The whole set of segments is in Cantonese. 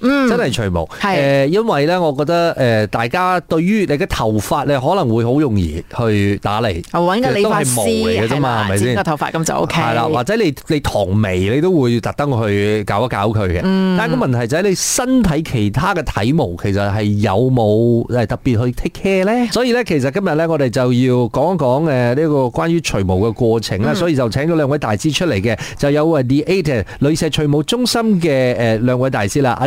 嗯，真係除毛，誒，因為咧，我覺得誒，大家對於你嘅頭髮咧，可能會好容易去打理，其實都係毛嚟嘅啫嘛，係咪先？剪個頭髮咁就 OK，係啦，或者你你唐眉，你都會特登去搞一搞佢嘅，嗯，但係個問題就係你身體其他嘅體毛，其實係有冇誒特別去 take care 咧？所以咧，其實今日咧，我哋就要講一講誒呢個關於除毛嘅過程啦，所以就請咗兩位大師出嚟嘅，就有阿 Theater 女社除毛中心嘅誒兩位大師啦，阿。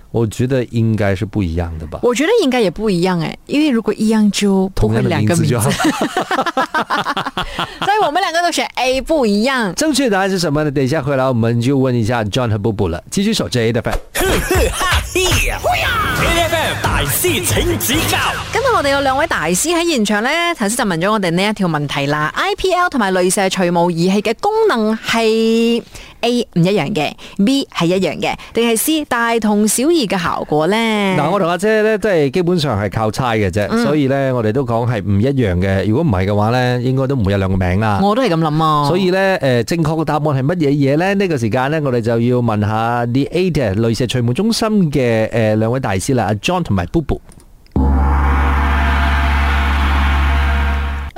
我覺得應該是不一樣的吧。我覺得應該也不一樣哎，因為如果一樣就不同樣的名字就好 所以我們兩個都選 A，不一樣。 正確答案是什麼呢？等一下回來我們就問一下 John 和 Bubu 了。繼續守着 A 的 a P 大師請指教。今日我哋有兩位大師喺現場呢，頭先就問咗我哋呢一條問題啦。I P L 同埋鐳射除毛儀器嘅功能係？A 唔一樣嘅，B 係一樣嘅，定係 C 大同小異嘅效果呢？嗱，我同阿姐咧都係基本上係靠猜嘅啫、嗯，所以咧我哋都講係唔一樣嘅。如果唔係嘅話咧，應該都唔會有兩個名啦。我都係咁諗啊。所以咧，誒、呃，正確嘅答案係乜嘢嘢咧？呢、這個時間咧，我哋就要問下 The Ate 雷射除毛中心嘅誒兩位大師啦，阿 John 同埋 Bubu